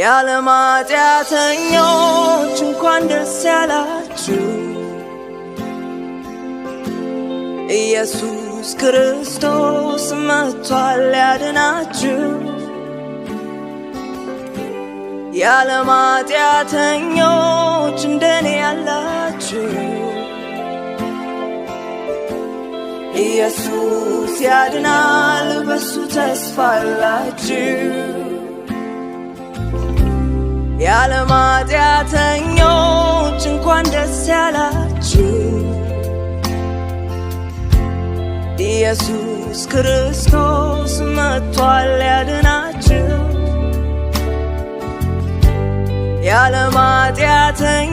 ያለ ማጢአተኞች እንኳን ደስ ያላችሁ ኢየሱስ ክርስቶስ መጥቷል ያድናችሁ። ያለ ማጢአተኞች እንደኔ ያላችሁ ኢየሱስ ያድናል፣ በሱ ተስፋ አላችሁ። የዓለም ኃጢአተኞች እንኳን ደስ ያላችሁ ኢየሱስ ክርስቶስ መጥቷል ሊያድናችሁ የዓለም ኃጢአተኞች